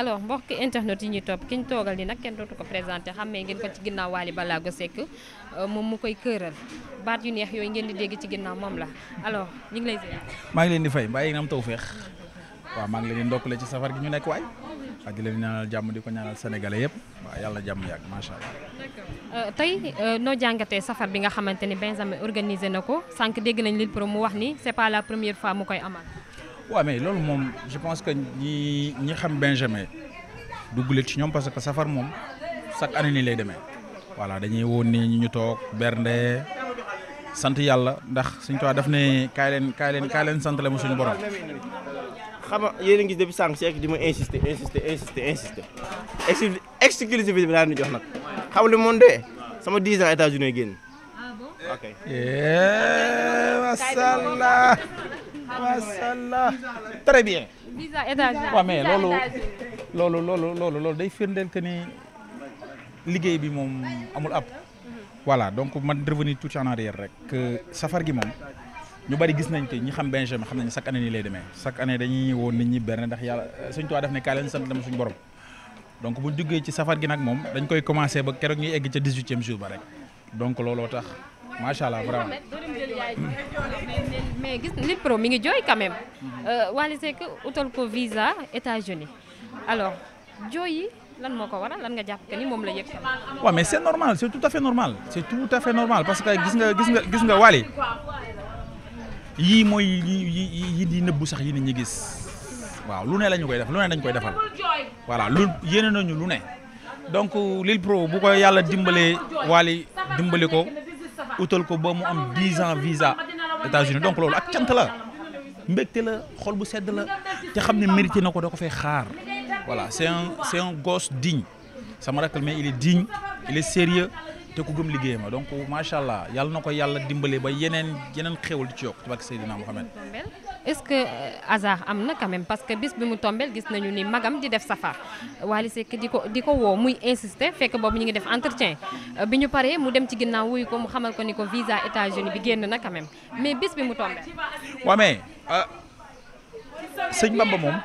alors ki internet yi ñu topp ki ñu toogal ni nag kenn dootu ko présenté xammee ngeen ko ci ginnaaw Waly Balago Seck euh, moom mu koy këral baat yu neex yooyu ngeen di dégg ci ginnaaw moom la alors ñu ngi lay maa ngi leen di fay mbaa yi nga am tawféex waaw maa ngi leen di ndokkale ci safar gi ñu nekk waay waaw di leen ñaanal jàmm di ko ñaanal sénégalais yëpp waaw yàlla jàmm yàgg macha allah. d'accord euh, tey euh, noo jàngatee safar bi nga xamante ni Benjamin organisé na ko sànq dégg nañ Lille Pro ni c'est fois mu koy amal. waaw mais loolu moom je pense que ñi ñi xam Benjamin duggulet ci ñoom parce que safar moom chaque année nii lay demee voilà dañuy woon ni ñu ñu toog bernde sant yàlla ndax suñ toog daf ne kaay leen kaay leen kaay leen sant la mu suñu borom. xam nga yéen ngi gis depuis sànq si di ma insister insister insister insister exclusivité bi daal di jox nag xam nga li mu dee sama 10 ans États-Unis génn. Ah ok. Eh, macha allah très bien. visa États-Unis waaw mais loolu. loolu loolu loolu loolu day firndeel que ni liggéey bi moom amul ab. voilà donc man revenir tuuti en arrière rek. que safar gi moom ñu bari gis nañ ko ñi xam Benjamin xam nañ chaque année nii lay demee chaque année dañuy woon nit ñi benn ndax yàlla euh, suñ tuwaa def ne kaa leen sant dama suñu borom. donc bu ñu duggee ci safar gi nag moom dañ koy commencé ba keroog ñuy egg ca dix-huitième jour ba rek donc looloo tax macha allah vraiment. mais gis Lil Pro mi ngi jooy quand même. Euh, Wally Seck utal ko visa États-Unis alors jooy yi lan moo ko waral lan nga jàpp que ni moom la yëg. waaw mais c'est normal c'est tout à fait normal c'est tout à fait normal parce que gis nga gis nga gis nga Wally yii mooy yi yi di nëbbu sax yi ni ñi gis waaw lu ne lañu koy def lu ne dañ koy defal voilà lu yéene nañu lu ne donc Lil Pro bu ko yàlla dimbalee Wally dimbali ko utal ko ba mu am 10 ans visa États-Unis donc loolu ak cant la mbégte la xol bu sedd la te xam ne mérité na ko da ko fay xaar voilà c'est un gos un digne sama rakk mais il est digne il est sérieux te ku gëm liggéeyam donc macha allah yàlla na ko yàlla dimbale ba yeneen yeneen xéwal di ci yokk ci barke Seydina Mohamed est-ce que euh, hasard am na quand parce que bis bi mu tombeel gis nañu ni magam di def safar Wally Seck di ko di ko woo muy insister fekk boobu ñu ngi def entretien euh, bi ñu paree mu dem ci ginnaaw wuyu ko mu xamal ko ni ko visa États-Unis bi génn na quand même mais bis bi mu tombeel waaw mais euh, sëñ Bamba moom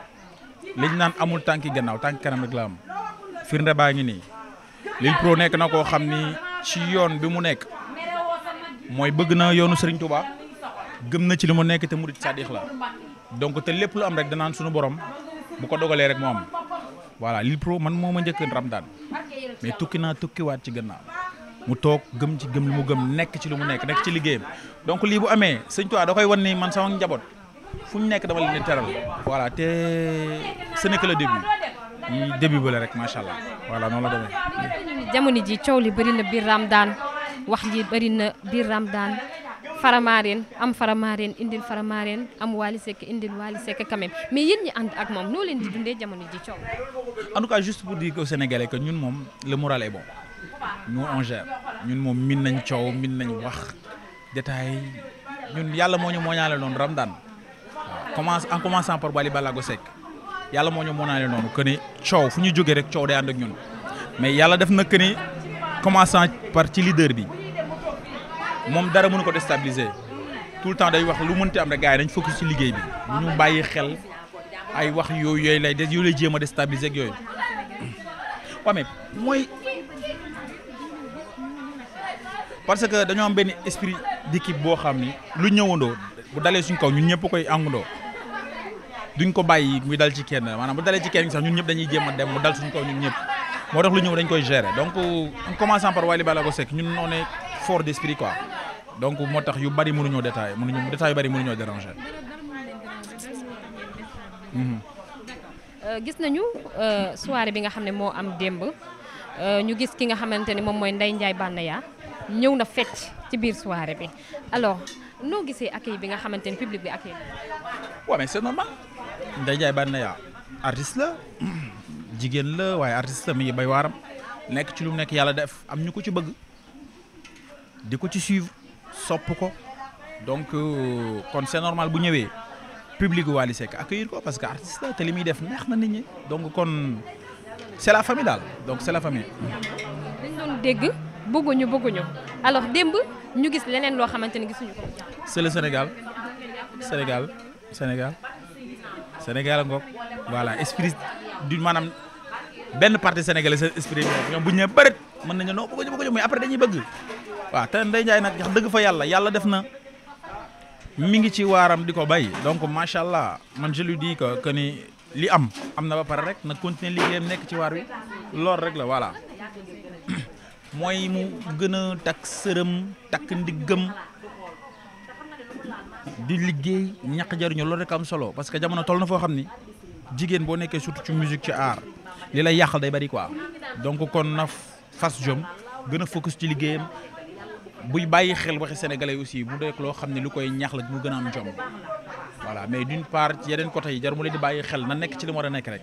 liñ naan amul tànki gannaaw tànki kanam rek la am firnde baa ngi nii Lil Pro nekk na koo xam ni ci yoon bi mu nekk mooy bëgg na yoonu Serigne Touba. gëm na ci li mu nekk te murid sàdix la donc te lépp lu am rek danaan suñu borom bu ko dogalee rek moo am voilà Lil Pro man moo ma njëkk Ramadaan mais tukki naa tukki tukkiwaat ci gannaaw mu toog gëm ci gëm li mu gëm nekk ci lu mu nekk nekk ci liggéeyam donc lii bu amee sa Tuubaa da koy wan ni man sama njaboot fu ñu nekk dama leen di te ce n'est que le début ñu début ba la rek macha allah voilà noonu la demee. jamono ji coow li bëri na biir Ramadaan wax ji bëri biir Ramadaan Faramareen am Faramareen indil Faramareen am Wally Seck indil Wally Seck quand même mais yéen ñi ànd ak moom noo leen di dundee jamono ji coow. en tout cas juste pour dire aux Sénégalais que ñun moom le moral est bon nous on gère ñun moom min nañ coow min nañ wax détail ñun yàlla moo ñu moo ñaale noonu Ramadan waaw commence en commençant par Wally Ballago Seck yàlla moo ñu moo ñaale noonu que ni coow fu ñu jógee rek coow day ànd ak ñun mais yàlla def na que ni commençant par ci leader bi. moom dara mënu ko déstabiliser tout le temps day wax lu mënti am rek gars yi dañ focus ci liggéey bi ñu bàyyi xel ay wax yooyu yooyu lay des yooyu lay jéem a déstabiliser ak yooyu mooy parce que dañoo am benn esprit d'équipe boo xam ni lu ñëwandoo dalee suñ kaw ñun ñëpp koy àngandoo duñ ko bàyyi muy dal ci kenn maanaam bu ñun ñëpp dañuy jéem a dem mu dal suñ kaw ñun ñëpp moo tax lu ñëw dañ koy gérer donc en commençant par Wally Ballago Seck ñun on ne fort d'esprit quoi donc moo tax yu bari mënuñoo détaillé mënuñu détail yu bari mënuñoo dérangé. Mm-hmm. Euh, gis nañu euh, soirée bi nga xam ne moo am démb euh, ñu gis ki nga xamante ni moom mooy nday njaay Ndiaye Banaya ñëw na fecc ci biir soirée bi alors noo gisee accueil bi nga xamante ne public bi accueil. waaw mais c'est normal Ndeye Ndiaye Banaya artiste la jigéen la waaye artiste la mi bay waaram nekk ci lu mu nekk yàlla def am ñu ko ci bëgg. di ko ci suivre sopp ko donc euh, kon c'est normal bu ñëwee public Wally Seck accueillir ko parce que artiste te li muy def neex na nit ñi donc kon c'est la famille daal donc c'est la famille. dañ doon dégg bëgguñu bëgguñu alors démb ñu gis leneen loo xamante ne gisuñu ko. c'est le Sénégal Sénégal Sénégal Sénégal ngoog voilà esprit du maanaam benn parti sénégalais seen esprit ñoom bu ñu nee bëreet mën nañu bëgguñu bëgguñu mais après dañuy bëgg. waaw te Ndeye Ndiaye nag wax dëgg fa yàlla yàlla def na mi ngi ci waaram di ko bay donc macha allah man je lui ko que ni li am am na ba pare rek na continuer liggéeyam nekk ci waar wi loolu rek la voilà mooy mu gën a takk sërëm takk ndiggam di liggéey ñàkk jariñu lool rek am solo parce que jamono toll na foo xam ni jigéen boo nekkee surtout ci musique ci art li lay yàqal day bari quoi donc kon na fas jom gën a focus ci liggéeyam. buy bàyyi xel waxi sénégalais aussi bu dee loo xam ne lu koy ñaax la mu gën a am jom voilà mais d'une part ci yeneen côté yi jar mu leen di bàyyi xel na nekk ci li mu war a nekk rek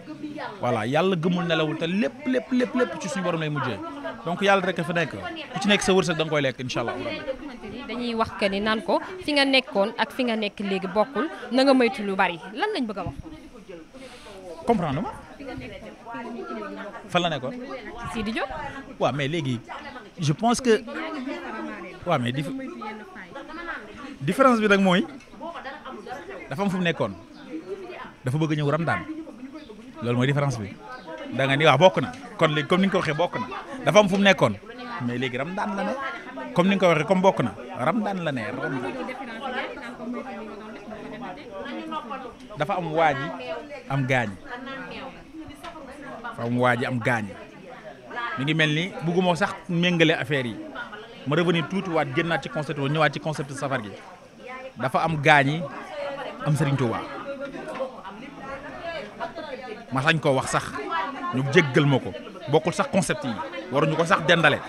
voilà yàlla gëmul nelawul te lépp lépp lépp lépp ci suñu borom lay mujjee donc yàlla rek a fa nekk ku ci nekk sa wërsëg da nga koy lekk incha allah. dañuy wax que ni naan ko fi nga nekkoon ak fi nga nekk léegi bokkul na nga moytu lu bari lan lañ bëgg a wax. comprendre ma. fan la nekkoon. Sidi Diop. waaw waa mais différence bi nag mooy dafa am fu mu nekkoon dafa bëgg ñëw ramdaan loolu mooy difference bi da nga ni bokk na kon léegi comme ni nga ko waxee bokk na dafa am fu mu nekkoon mais léegi ramdaan la ne comme ni nga ko waxee comme bokk na ramdaan la ne dafa am waa ji am gaañ dafa am waa ji am gaañ mu ngi mel ni bugguma sax méngale affaire yi. ma revenir tuutiwaat waat génnaat ci concept boobu ñëwaat ci concept safar gi dafa am gaañi am Serigne Touba ma sañ koo wax sax ñu jëggal ma ko bokkul sax concept yi waruñu ko sax dendale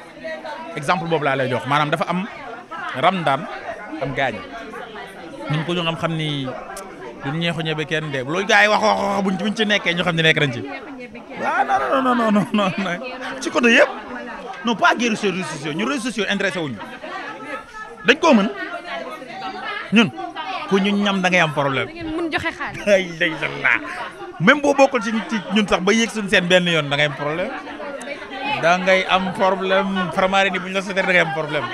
exemple boobu laa lay jox maanaam dafa am daan am gaañi ni mu ko ñu xam xam ni duñ ñeexu ñebe kenn de loolu gaa yi wax wax wax buñ ci nekkee ñu xam ne nekk nañ ci waaw non non non non pas guerre sur réseaux sociaux ñu réseaux sociaux intéressé dañ koo mën ñun ku ñu ñam da ngay am problème. da ngeen mën joxe xaalis. ay ndeysaan même boo bokkul ci ñun sax ba yéeg suñu seen benn yoon da ngay am problème da ngay am problème farmaare ni bu ñu la sotee da ngay am problème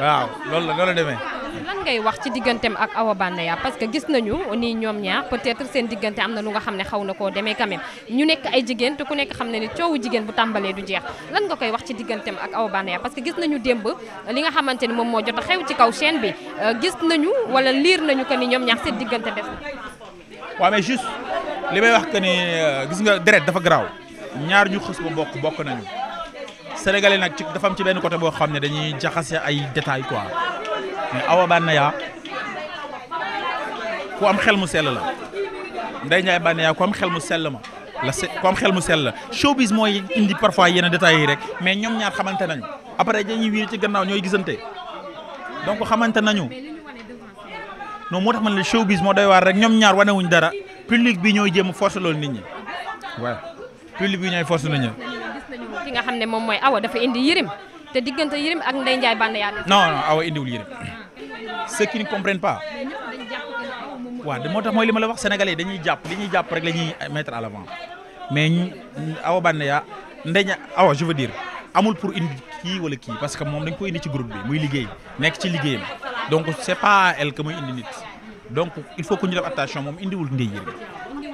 waaw loolu la loolu la demee. lan ngay wax ci digganteem ak Awa Banaya parce que gis nañu ni ñoom ñaar peut-être seen diggante am na lu nga xam ne xaw na koo demee quand ñu nekk ay jigéen te ku nekk xam ne ni coowu jigéen bu tàmbalee du jeex lan nga koy wax ci digganteem ak Awa Banaya parce que gis nañu démb li nga xamante ni moom moo jot a xew ci kaw chaîne bi euh, gis nañu wala liir nañu que ni ñoom ñaar seen diggante des waaw mais juste li may wax que ni euh, gis nga deret dafa garaaw ñaar ñu xës ba bokk nañu sénégalais nag ci dafa am ci benn côté boo xam ne dañuy jaxase ay détails quoi mais Awa Banaya ku am xel mu sell la Ndeye Ndiaye Banaya ku am xel mu sell ma la se ku am xel mu sell la showbiz mooy indi parfois yenn détails yi rek mais ñoom ñaar xamante nañu après dañuy wiiri ci gannaaw ñooy gisante donc xamante nañu non moo tax ne la showbiz moo day waar rek ñoom ñaar wanewuñ dara public bi ñooy jéem a force loolu nit ñi waaw public bi ñooy force nit ñi. ki nga xam ne moom mooy Awa dafa indi Yirim te diggante Yirim ak Ndeye Ndiaye Banaya. ceux qui ne comprennent pas waaw moo tax mooy li ma la wax sénégalais dañuy jàpp li ñuy jàpp rek la ñuy mettre à l'avant mais Awa Banaya ndeña Awa je veux dire amul pour indi kii wala kii parce que moom dañ ko indi ci groupe bi muy liggéey nekk ci liggéeyam donc c'est pas elle que muy indi nit donc il faut que ñu def attention moom indiwul Ndeye Yérim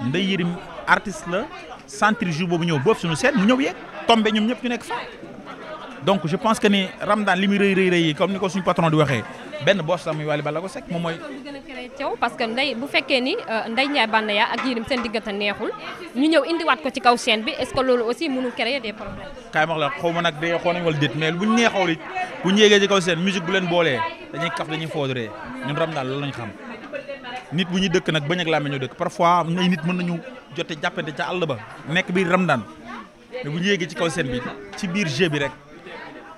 Ndeye Yérim artiste la centre jour boobu ñëw boof suñu seet mu ñëw yeeg tombé ñoom ñëpp ñu nekk fa donc je pense que ni Ramadan comme ni ko suñu patron waxee benn boos sax muy Wally Ballago Seck moom mooy. parce que nday bu fekkee ni euh, Ndeye Ndiaye Banaya ak Yérim seen diggante neexul ñu ñëw indiwaat ko ci kaw seen bi est-ce que loolu aussi mënu créer des problèmes. kaay ma wax la xaw ma nag day xoo nañ wala déet mais buñ neexoo it buñ yéegee ci kaw seen musique bu leen boolee dañuy kaf dañuy foodree ñu ram daal loolu lañ xam nit bu ñuy dëkk nag bañ ak làmmiñ ñu dëkk parfois ay nit mën nañu jote jàppante ca àll ba nekk biir ramdaan mais bu ñu yéegee ci kaw seen bi ci biir jeu bi rek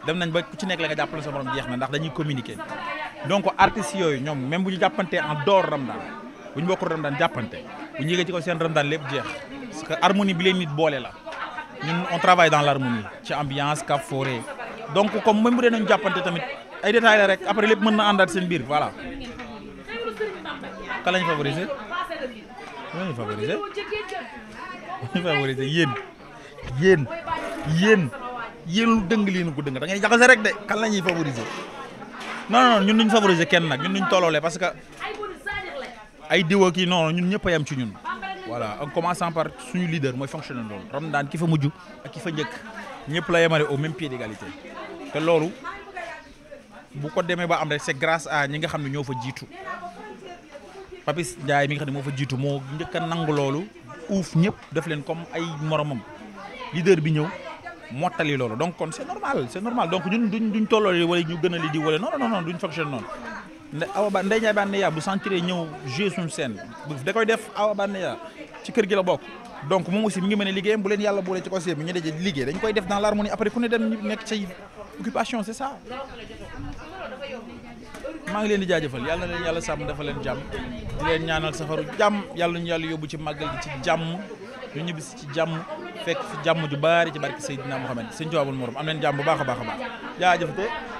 dem nañ ba ku ci nekk la nga jàppale jeex na ndax dañuy communiquer donc artistes yooyu ñoom même bu ñu jàppantee en dehors Ramadan bu ñu bokkul Ramadan jàppante bu ñu yëgee ci kaw seen Ramadan lépp jeex parce que harmonie bi leen nit boole la ñun on travaille dans l'harmonie ci ambiance ka forêt donc comme même bu dee nañu jàppante tamit ay détails la rek après lépp mën na àndaat seen biir voilà. ka lañ favoriser ka lañ favoriser lañ favoriser yéen yéen yéen yéen dëng liin nu ko dëng da ngay jaxase rek de kan la ñuy favoriser. non non ñun duñ favoriser kenn nag ñun duñ tolloolee parce que ay diwa kii non ñun ñëpp a yem ci ñun voilà en commençant par suñu leader mooy fonctionner loolu Ramadan ki fa mujj ak ki fa njëkk ñëpp la yemale au même pied d'égalité te loolu bu ko demee ba am rek c'est grâce à ñi nga xam ne ñoo fa jiitu Papis Ndiaye mi nga xam ne moo fa jiitu moo njëkk a nangu loolu uuf ñëpp def leen comme ay moromam leader bi ñëw. mottali loolu donc kon c'est normal c'est normal donc ñun duñ duñ tolloo li wala ñu gën a li di wala non non non duñ fonctionné noonu awa ba Ndeye Ndiaye Banaya bu sentiree ñëw jouer suñu scène da koy def awa Banaya ci kër gi la bokk donc moom si mi ngi mën a liggéeyam bu leen yàlla boole ci conseil bi ñu daje liggéey koy def dans l'harmonie après ku ne dem maa ngi leen di jaajëfal yàlla na leen yàlla sàmm dafa leen jàmm di leen ñaanal safaru jàmm yàlla ñu yàlla yóbbu ci màggal gi ci jàmm ñu ñibbisi ci jàmm fekk fi jàmm ju baari ci barke Seydina Muhammad sëñ Tuubaa amul morom am leen jàmm bu baax a baax a baax jaajëf te